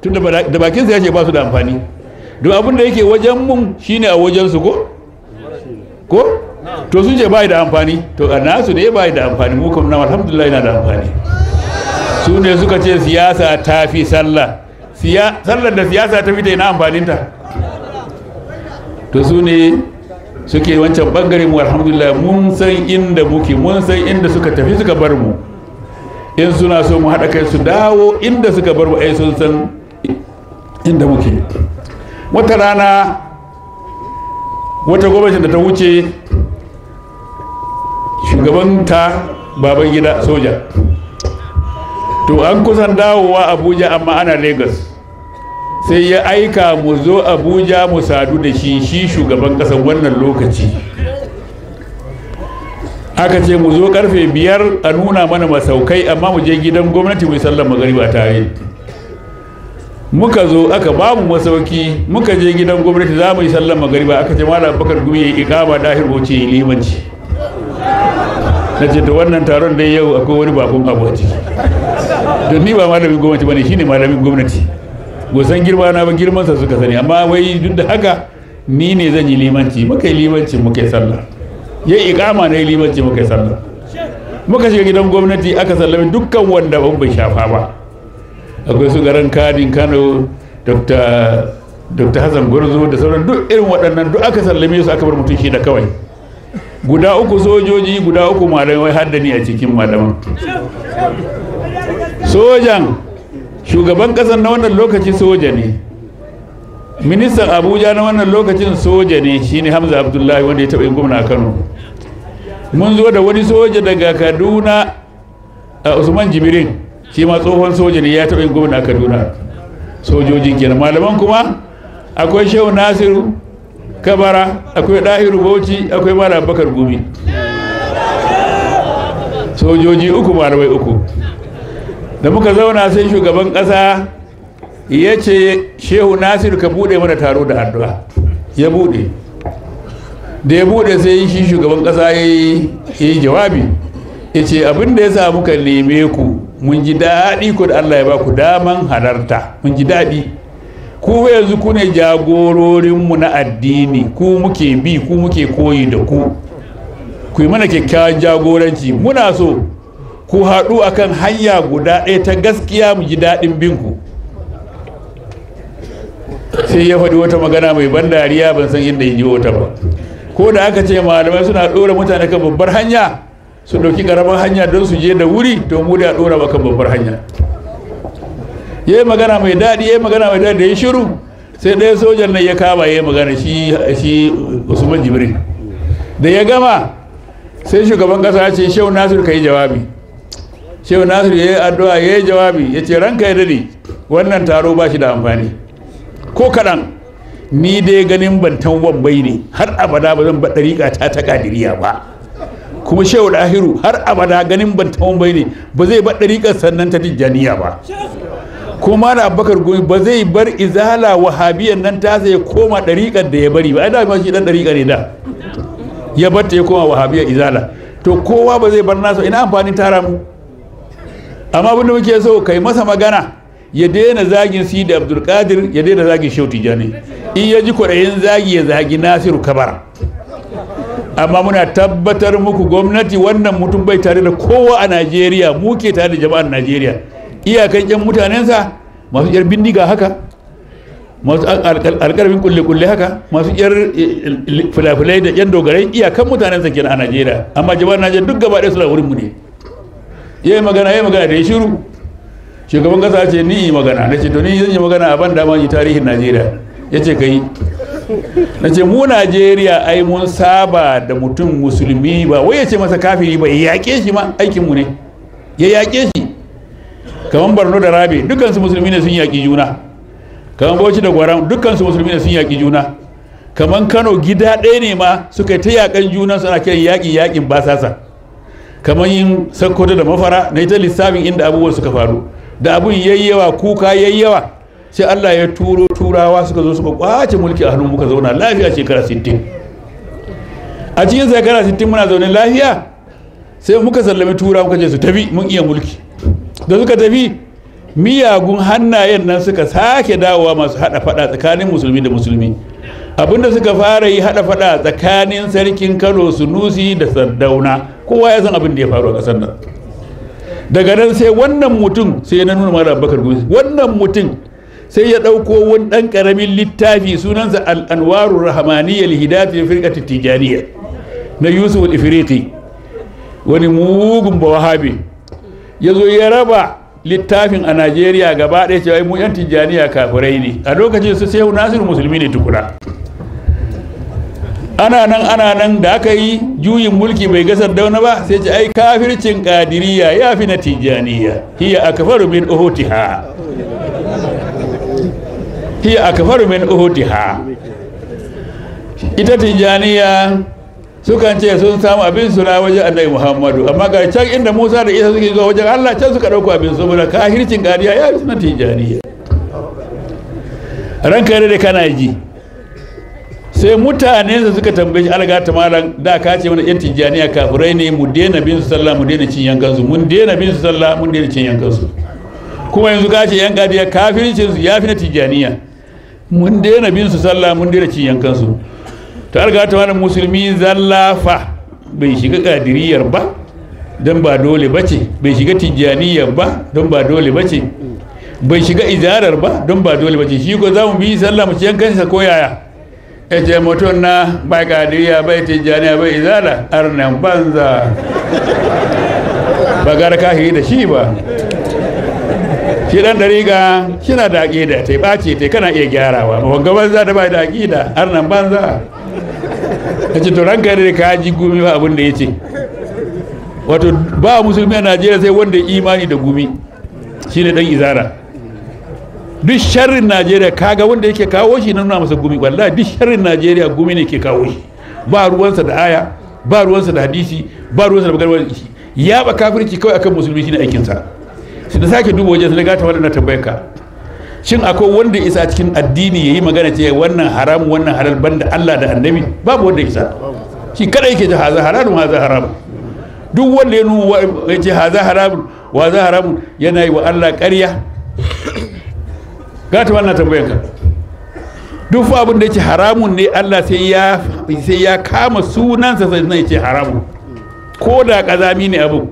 tun da bakinsa ya ce ba su da amfani don abin da yake wajen mun shine a wajensu ko ko to sun ce ba da amfani to a nasu ne ba da amfani mu kuma na alhamdulillah yana da amfani su ne suka ce siyasa ta fi sallah sallar da siyasa ta fi ta yana amfaninta to su ne suke wancan bangare mu alhamdulillah mun san inda muke mun san inda suka tafi suka bar mu in suna so mu haɗa kai su dawo inda suka bar ai sun san inda muke wata rana wata gwamnati da ta wuce shugabanta baban gida soja to an kusan dawowa abuja amma ana lagos sai ya aika mu zo abuja mu sadu da shi shi shugaban ƙasar wannan lokaci aka ce mu zo karfe biyar a nuna mana masaukai amma mu je gidan gwamnati mu sallar magariba tare muka zo aka ba mu masauki muka je gidan gwamnati za mu yi sallar magariba aka ce malam bakar gumi ya ikama dahir ya limanci na ce da wannan taron dai yau akwai wani bakon abuwaci da ni ba malamin gwamnati ba shi shine malamin gwamnati gosan girma na ba girmansa suka sani amma wai duk da haka ni ne zan yi limanci muka yi limanci muka yi sallah ya ikama na limanci muka yi muka shiga gidan gwamnati aka sallame dukkan wanda ban bai shafa ba akwai su garan kadin Kano Dr. Hassan gurzu da sauran duk irin waɗannan duk aka sallame su aka bar mutum shi da kawai guda uku sojoji guda uku malamai har da ni a cikin malaman sojan shugaban ƙasar na wannan lokaci soja ne ministan abuja na wannan lokacin soja ne shine hamza abdullahi wanda ya taɓa yin gwamna a kano mun zo da wani soja daga kaduna a usman jibirin shi ma tsohon soja ne ya taɓa yin gwamna a kaduna sojojin kenan malaman kuma akwai shehu nasiru kabara akwai ɗahiru bauchi akwai malam bakar gumi sojoji uku malamai uku da muka zauna sai shugaban ƙasa ya ce shehu nasiru ka bude mana taro da addu'a ya bude da ya bude sai shi shugaban kasa ya yi jawabi ya ce abinda ya sa muka neme ku mun ji daɗi ku da allah ya ba ku daman halarta mun ji daɗi ku yanzu ku ne jagororinmu na addini ku muke bi ku muke koyi da ku ku yi mana kyakkyawan jagoranci muna so ku haɗu akan hanya guda ɗaya ta gaskiya mu ji daɗin binku sai ya faɗi wata magana mai ban dariya ban san inda ya ji wata ba ko da aka ce malamai suna ɗora mutane kan babbar hanya su ɗauki ƙaramar hanya don su je da wuri to mu da ɗora maka babbar hanya ya yi magana mai daɗi ya yi magana mai daɗi da ya shiru sai ɗaya sojan nan ya kama ya yi magana shi shi usman jibril da ya gama sai shugaban ƙasa ce shehu nasir ka yi jawabi shehu nasir ya yi addu'a ya yi jawabi ya ce ranka ya daɗe wannan taro ba shi da amfani ko kaɗan ni dai ganin bantan wambai ne har abada ba zan ba ɗariƙa ta ta ƙadiriya ba kuma shehu dahiru har abada ganin bantan wambai ne ba zai ba ɗariƙar sannan ta tijjaniya ba kuma da abubakar gumi ba zai bar izala wahabiyan nan ta sai koma ɗariƙar da ya bari ba ai da ma shi ɗan ɗariƙa ne da ya bar ta ya koma wahabiyan izala to kowa ba zai bar nasa ina amfani tara mu amma abinda muke so kai masa magana ya daina zagin sidi abdulkadir ya daina zagin shehu tijjani in ya ji kwaɗayin zagi ya zagi nasiru kabara amma muna tabbatar muku gwamnati wannan mutum bai tare da kowa a najeriya muke tare da jama'ar najeriya iyakan yan mutanensa masu yar bindiga haka masu alƙarfin kulle-kulle haka masu yar eh, filafilai da yan dogarai iyakan mutanensa kenan a najeriya amma jama'ar najeriya duk gaba ɗaya suna wurinmu mu ne yayi magana yayi magana da ya shiru shugaban kasa ce ni yi magana na ce to ni zan yi magana a ban damar yi tarihin najeriya ya ce kai na ce mu najeriya ai mun saba da mutum musulmi ba wai ya ce masa kafiri ba ya yaƙe shi ma aikinmu ne ya yaƙe shi kamar barno da rabe dukansu musulmi ne sun yaƙi juna kamar bauchi da gwaram dukansu musulmi ne sun yaƙi juna kamar kano gida ɗaya ne ma suka yi ta yaƙan juna suna kiran yaƙin yaƙin basasa kamar yin sakkwato da mafara na ita lissafin inda abubuwan suka faru da abin yayyawa kuka yayyawa sai Allah ya turo turawa suka zo suka kwace mulki a hannun muka zauna lafiya shekara 60 a cikin shekara 60 muna zaune lafiya sai muka sallami turawa muka je su tafi mun iya mulki da suka tafi miyagun hannayen nan suka sake dawowa masu hada fada tsakanin musulmi da musulmi abinda suka fara yi hada fada tsakanin sarkin Kano Sunusi da Sardauna kowa ya san abin da ya faru a kasar nan daga nan sai wannan mutum sai na nuna mara bakar gumi wannan mutum sai ya ɗauko wani ɗan ƙaramin littafi sunansa al'anwaru rahamaniya lihidati firka tijaniya na yusuf Ifiriti wani mugun bawahabi ya zo ya raba littafin a najeriya gaba ɗaya cewa mu yan tijjaniya kafirai ne a lokacin su sai nasiru musulmi ne tukuna ana nan ana nan da aka yi juyin mulki bai gasar dauna ba sai ce ai kafircin kadiriya ya fi na tijaniya hiya akfaru min uhutiha hiya akfaru min uhutiha ita tijaniya sukan ce sun samu abin suna wajen annabi muhammadu amma ga can inda musa da isa suke zuwa wajen allah can suka ɗauko abin saboda kafircin kadiriya ya fi na tijaniya ranka yadda kana ji sai mutane su suka tambaye shi alga ta malam da ka ce mana yan tijjaniya kafirai ne mu daina bin su sallah mu daina cin yankan su mun daina bin su sallah mun daina cin yankan su kuma yanzu ka ce yan gadiya kafircin su yafi na tijjaniya mun daina bin su sallah mun daina cin yankan su to alga ta malam musulmi zallafa bai shiga kadiriyar ba don ba dole bace bai shiga tijjaniyar ba don ba dole bace bai shiga izarar ba don ba dole bace shi ko za mu bi sallah mu ci yankan sa ko yaya ece ce mutum na bai kadiriya bai tijjaniya bai izala arnan banza ba gara kahi da shi ba shi dan dariga shina da aqida ta bace ta kana iya gyarawa wanga banza da bai da aqida arnan banza ce to ranka da ka ji gumi ba abin da yace wato ba musulmi a Najeriya sai wanda imani da gumi shine dan izara duk sharrin najeriya kaga wanda yake kawo shi na nuna masa gumi wallahi duk sharrin najeriya gumi ne ke kawo shi ba ruwansa da aya ba ruwansa da hadisi ba ruwansa da maganar shi ya ba kafirci kawai akan musulmi aikin aikinsa sai da sake duba wajen sai gata wannan tambayar ka shin akwai wanda isa cikin addini yayi magana ce wannan haram wannan halal banda Allah da annabi babu wanda isa shi kada yake haza halalun haza haram duk wanda ya nuna ya ce haza haramun wa haza haramun yana yi wa Allah ƙarya gata wannan tambayan ka duk abin da yake haramun ne Allah sai ya sai ya kama sunansa sai nan ce haramu ko da kazami ne abu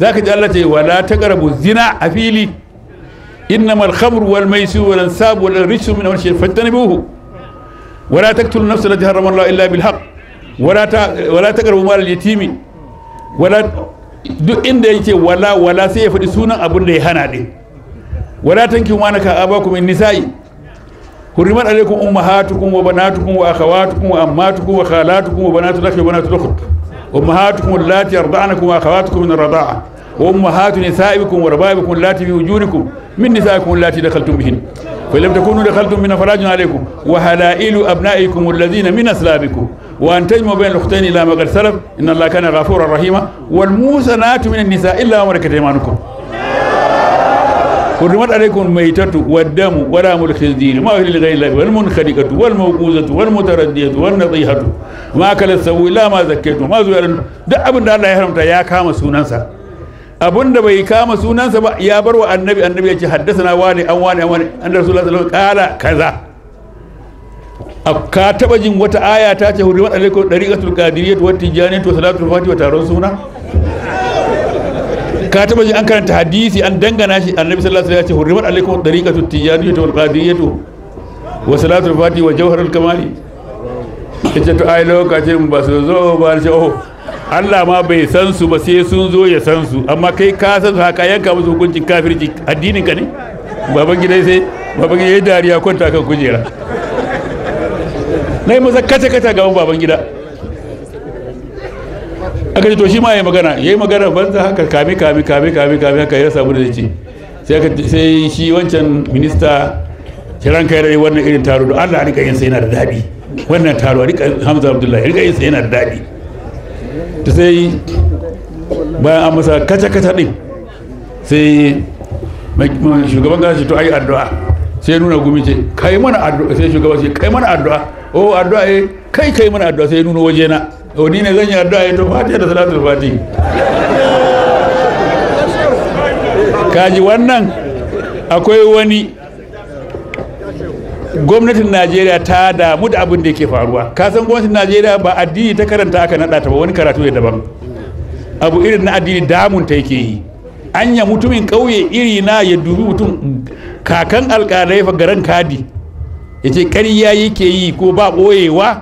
zaka ji Allah ce wala taqrabu zina a fili innamal khamru wal maisir wal ansab wal rijsu min wala taqtulu nafsa allati harrama Allah illa bil haqq wala wala taqrabu mal al wala duk inda yake wala wala sai ya faɗi sunan abin da ya hana din ولا تنكحوا ما نكح آباؤكم من النساء حرمت عليكم أمهاتكم وبناتكم وأخواتكم وأماتكم وخالاتكم وبنات الأخ وبنات الأخت أمهاتكم اللاتي أرضعنكم وأخواتكم من الرضاعة وأمهات نسائكم وربائبكم اللاتي في وجودكم من نسائكم اللاتي دخلتم بهن فلم تكونوا دخلتم من فراج عليكم وهلائل أبنائكم الذين من أسلابكم وأن تجمعوا بين الأختين إلى ما قد سلف إن الله كان غفورا رحيما والموسنات من النساء إلا ما ملكت أيمانكم حرمت عليكم الميتة والدم ولحم الخنزير ما أهل لغير الله والمنخلقة والموقوزة والمتردية والنطيحة ما أكل السوي لا ما زكيتم ما زوال دع أبن الله يحرمت يا كام سننسا abin da bai kama sunansa ba ya bar wa annabi annabi ya ce haddasa wani an wani an wani an da rasulullah sallallahu alaihi kaza ka taba jin wata aya ta ce hurrimat alaikum dariqatul qadiriyah wa taron suna ka taba ji an karanta hadisi an dangana shi annabi sallallahu alaihi wasallam ya ce hurrimat alaikum tariqatu tijaniyatu wal qadiriyatu wa salatu fati wa jawharul kamali yace to ai lokaci mun ba su zo ba ce oh Allah ma bai san su ba sai sun zo ya san su amma kai ka san su haka yanka musu hukuncin kafirci addinin ka ne baban gidai sai baban gidai dariya kwanta kan kujera nai yi maza kace kata gaban baban gida aka ce to shi ma ya magana ya yi magana banza haka kame kame kame kame kame haka ya samu da ya ce sai shi wancan minista kiran kai rai wannan irin taro da Allah rika yin sai yana da daɗi wannan taro rika Hamza Abdullahi rika yin sai yana da daɗi to sai bayan an masa kaca kaca din sai shugaban gashi to ayi addu'a sai nuna gumi ce kai mana addu'a sai shugaban ce kai mana addu'a oh addu'a eh kai kai mana addu'a sai nuna waje na to ni ne zan yi addu'a ya to fatiha da salatul fati kaji wannan akwai wani gwamnatin najeriya ta damu da abin da yake faruwa kasan gwamnatin najeriya ba addini ta karanta aka naɗa ta ba wani karatu ya daban abu irin na addini damun ta yake yi anya mutumin ƙauye iri na ya dubi mutum kakan alƙalai fa garan kadi ya ce ƙarya yake yi ko ba ɓoyewa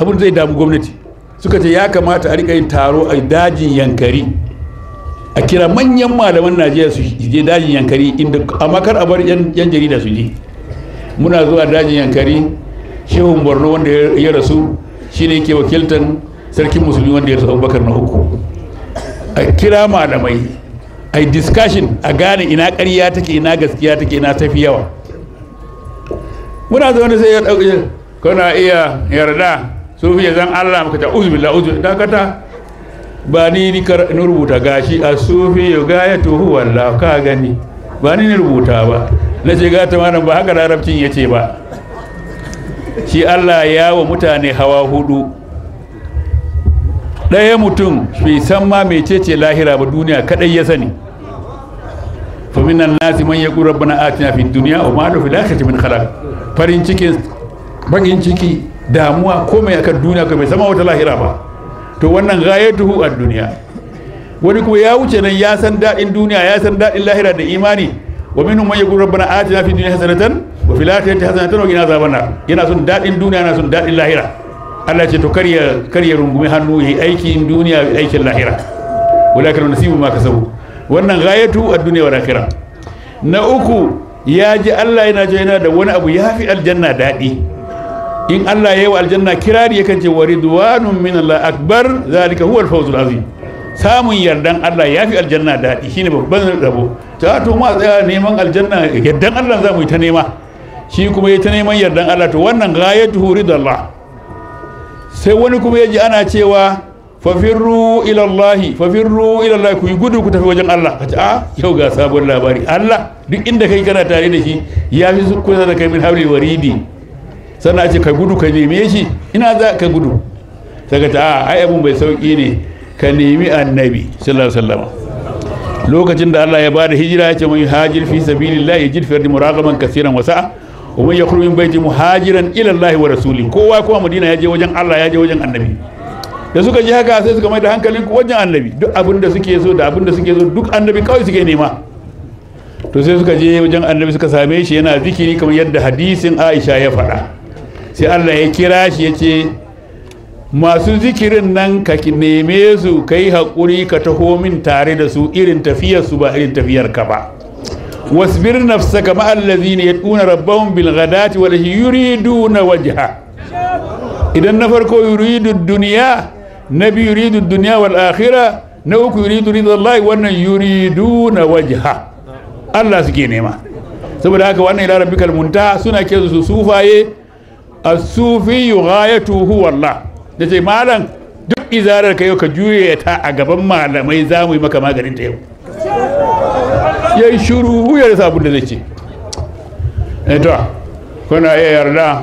abin zai damu gwamnati suka ce ya kamata a rika yin taro a dajin yankari a kira manyan malaman najeriya su je dajin yankari inda amma kar a bar yan jarida su je muna zuwa dajin yankari shehun borno wanda ya rasu shine yake wakiltar sarkin musulmi wanda ya rasu abubakar na uku a kira malamai a discussion a gane ina ƙarya take ina gaskiya take ina tafi yawa muna zuwa wanda sai ya ɗauki kuna iya yarda so zan Allah maka ta uzbillah uzbillah dakata ba ni ni rubuta gashi a sufi ya gaya to ka gani ba ni ni rubuta ba na ce ga ta malam ba haka larabcin ya ce ba shi Allah ya wa mutane hawa hudu ɗaya mutum fi san ma mecece lahira ba duniya kadai ya sani faminan nasi man ya ƙura bana atina fi duniya o ma fi lakhati min khalaq farin cikin bakin ciki damuwa komai akan duniya kai mai sama wata lahira ba to wannan ghayatuhu a duniya wani kuma ya wuce nan ya san daɗin duniya ya san daɗin lahira da imani wa minhum man yaqulu rabbana atina fid dunya hasanatan wa fil akhirati hasanatan wa qina azaban nar yana son daɗin duniya yana son daɗin lahira Allah ce to karya karya rungumi hannu yi aikin duniya aikin lahira walakin nasibu ma kasabu wannan ghayatu a duniya wal lahira na uku ya ji Allah yana jina da wani abu ya fi aljanna daɗi in Allah ya yi wa aljanna kirari ya ce wa ridwanun min Allah akbar zalika huwa al-fawzul azim samun yardan Allah ya fi aljanna daɗi shine babban rabo ta to ma tsaya neman aljanna yardan Allah za mu yi ta nema shi kuma ya ta neman yardan Allah to wannan ghayatuhu ridallah sai wani kuma ya ji ana cewa fafirru ilallahi fafirru ilallahi ku gudu ku tafi wajen Allah ka a ah, yau ga sabon labari Allah duk inda kai kana tare da shi ya fi kusa da kai min hauli waridi sannan ce ka gudu ka nemi shi ina za ka gudu saka ta ai abun bai sauki ne ka nemi annabi sallallahu alaihi wasallam lokacin da Allah ya bada hijira ya ce mun hajir fi sabilillah yajid fi ardi muraqaban kaseeran wasa wa man yakhruj min baiti muhajiran ila Allah wa rasuli kowa kuma Madina ya je wajen Allah ya je wajen annabi da suka ji haka sai suka mai da hankalin wajen annabi duk abin da suke so da abin da suke so duk annabi kawai suke nema to sai suka je wajen annabi suka same shi yana zikiri kamar yadda hadisin Aisha ya faɗa sai Allah ya kira shi ya ce masu zikirin nan ka neme su ka yi haƙuri ka taho min tare da su irin tafiyar su ba irin tafiyar ka ba wasbir nafsaka ma allazina yad'una rabbahum bil ghadati wal yuriduna wajha idan na farko yuri duniya na biyu yuri duniya wal akhirah na uku yuridu ridallahi wannan yuriduna wajha Allah suke nema saboda haka wannan ila rabbikal suna ke su sufaye as-sufi ghayatu huwa Allah ce malam duk izarar ka yau ka juye ta a gaban malamai za mu yi maka maganin ta yau Ya yi shuru huya da abin da zai ce eh, kuna iya yarda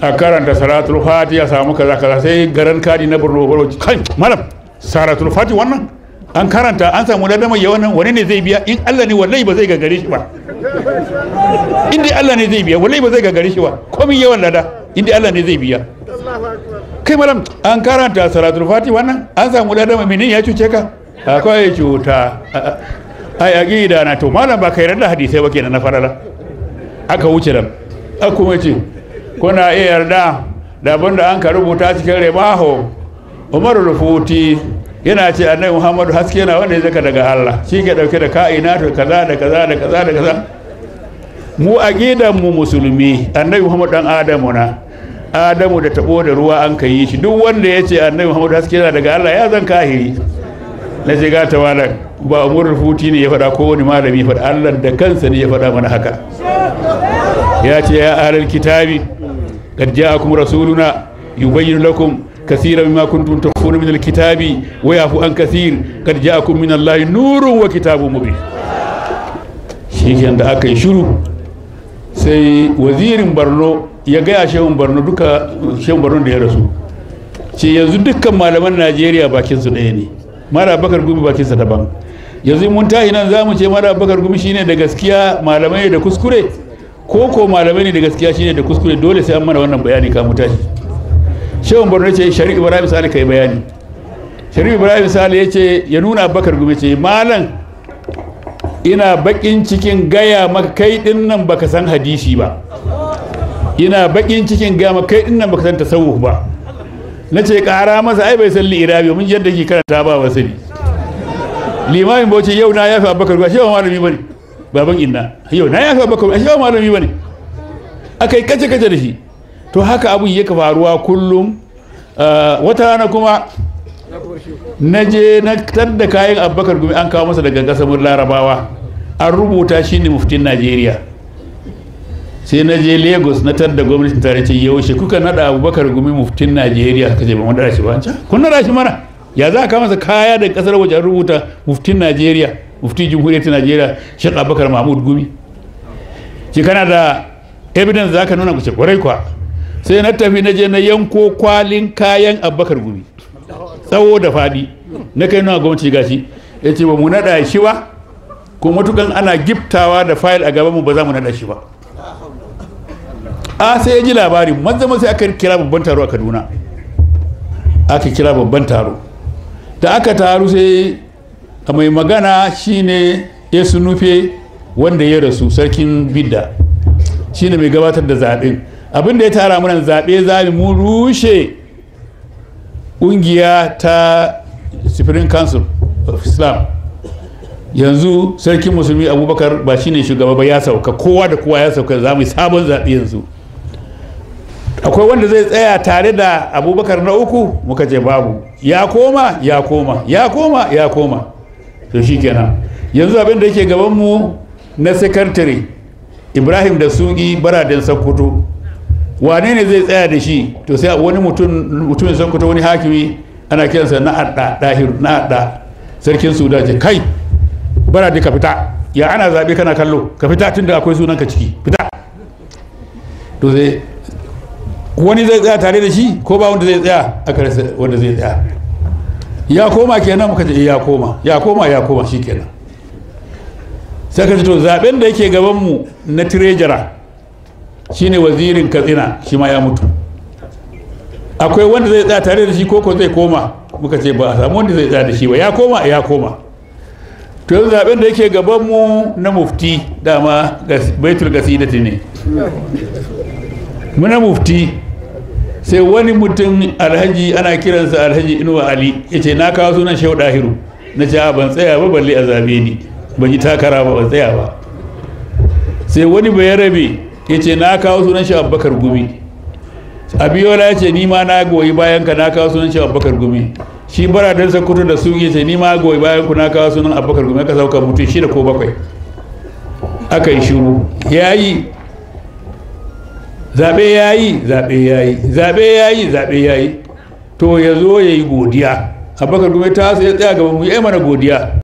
a karanta salatul ya samu kaza kaza sai garan kadi na burno burno kai malam salatul Fati wannan an karanta an samu ladamai ya wannan wani ne zai biya in Allah ne wallahi ba zai gagare shi ba inda Allah ne zai biya wallahi ba zai gari shi ba komai yawan lada inda Allah ne zai biya kai malam an karanta salatul fati wannan an samu lada mai menene ya cuce ka akwai cuta ai aqida na to malam ba kai rada hadisai ba kenan na farala aka wuce da aka kuma ce kuna iya yarda da abinda an ka rubuta cikin ribaho umaru rufuti yana ce annabi muhammadu haske na wanda ya zaka daga allah shi ke dauke da ka'ina to kaza da kaza da kaza da kaza mu a mu musulmi annabi muhammad dan adamu na adamu da tabo da ruwa an ka yi shi duk wanda ya ce annabi muhammad haske na daga allah ya zan kahiri na ce gata wala ba umurul futi ne ya faɗa ko wani malami faɗa allah da kansa ne ya faɗa mana haka ya ce ya alal kitabi قد جاءكم رسولنا يبين لكم كثيرا مما كنتم تخفون من الكتاب ويعفو عن كثير قد جاءكم من الله نور وكتاب مبين da aka yi shuru. sai wazirin barno ya gaya shehun barno duka shehun barno da ya rasu ce yanzu dukkan malaman najeriya bakinsu ɗaya ne mara bakar gumi bakinsa daban yanzu mun tahi nan za mu ce mara bakar gumi shine da gaskiya malamai ne da kuskure ko ko malamai ne da gaskiya shine da kuskure dole sai an mana wannan bayani kamu tashi shehun barno ce shari'a ibrahim sale kai bayani shari'a ibrahim sale ya ce ya nuna bakar gumi ce malam ina bakin cikin gaya maka kai din nan baka san hadisi ba ina bakin cikin gaya maka kai din nan baka san tasawuf ba na ce kara masa ai bai san li'irabi mun yadda ke karanta ba wasali limamin bauchi yau na yafi abubakar ba shi ba malami bane baban inna yau na yafi abubakar ba shi ba malami bane akai kace kace da shi to haka abun yake faruwa kullum ah, wata rana kuma na je na tar da kayan abubakar gumi an kawo masa daga kasar larabawa an rubuta shi ne muftin najeriya sai na je lagos na da gwamnatin tare yau shi kuka nada abubakar gumi muftin najeriya ka ce ba mun shi ba kun nada shi mana ya za ka masa kaya da kasar an rubuta muftin najeriya mufti jamhuriyar ta najeriya shi abubakar mahmud gumi shi kana da evidence za ka nuna ku ce kwarai kwa sai na tafi na je na yanko kwalin kayan abubakar gumi tsawo da faɗi na kai nuna gwamnati gashi ya ce ba mu nada shi ba ko matukan ana giftawa da fayil a gabanmu ba za mu nada shi ba a sai ya ji labari manzama sai aka kira babban taro a kaduna aka kira babban taro da aka taru sai a mai magana shine ya sunufe wanda ya rasu sarkin bidda shine mai gabatar da zaɓen abinda ya tara mana zaɓe zaɓe mu rushe ƙungiya ta supreme council of islam yanzu sarkin musulmi abubakar ba shi ne shugaba ba ya sauka kowa da kowa ya sauka za mu yi sabon zaɓe yanzu akwai wanda zai tsaya tare da abubakar na uku muka ce babu ya koma ya koma ya koma ya koma to shi kenan yanzu abin da yake gabanmu na secretary ibrahim da sugi baraden sokoto wane ne zai tsaya da shi to sai wani mutumin sokoto wani hakimi ana kiransa na adda sarkin sudan ce kai bara ka fita ya ana zaɓe kana kallo ka fita tunda akwai sunanka ciki fita to zai wani zai tsaya tare da shi ko ba wanda zai tsaya a karasa wanda zai tsaya ya koma kenan muka ce eh, ya koma ya koma ya koma shi kenan sai ka ce to zaɓen da yake gabanmu na tirejara shine wazirin katsina shi ma ya mutu akwai wanda zai tsaya tare da shi ko ko zai koma muka ce ba a samu wanda zai tsaya da shi ba ya koma ya koma to yanzu zaben da yake gabanmu na mufti dama baitul gasidati ne muna mufti sai wani mutum alhaji ana kiransa alhaji inuwa ali ya ce na kawo sunan shehu dahiru na ce a ban tsaya ba balle a zabe ni ban yi takara ba ban tsaya ba sai wani bai rabe ya ce na kawo sunan shehu abubakar gumi abiyola ya ce ni ma na goyi bayan ka na kawo sunan shehu abubakar gumi shi baradan kudu da su sai ni ma goyi bayan ku na kawo sunan abubakar kuma ka sauka shi shida ko bakwai aka yi shiru ya yi zaɓe ya yi zaɓe ya yi zaɓe ya yi zaɓe ya yi to ya zo ya yi godiya abubakar kuma ta ya tsaya gaban mu ya mana godiya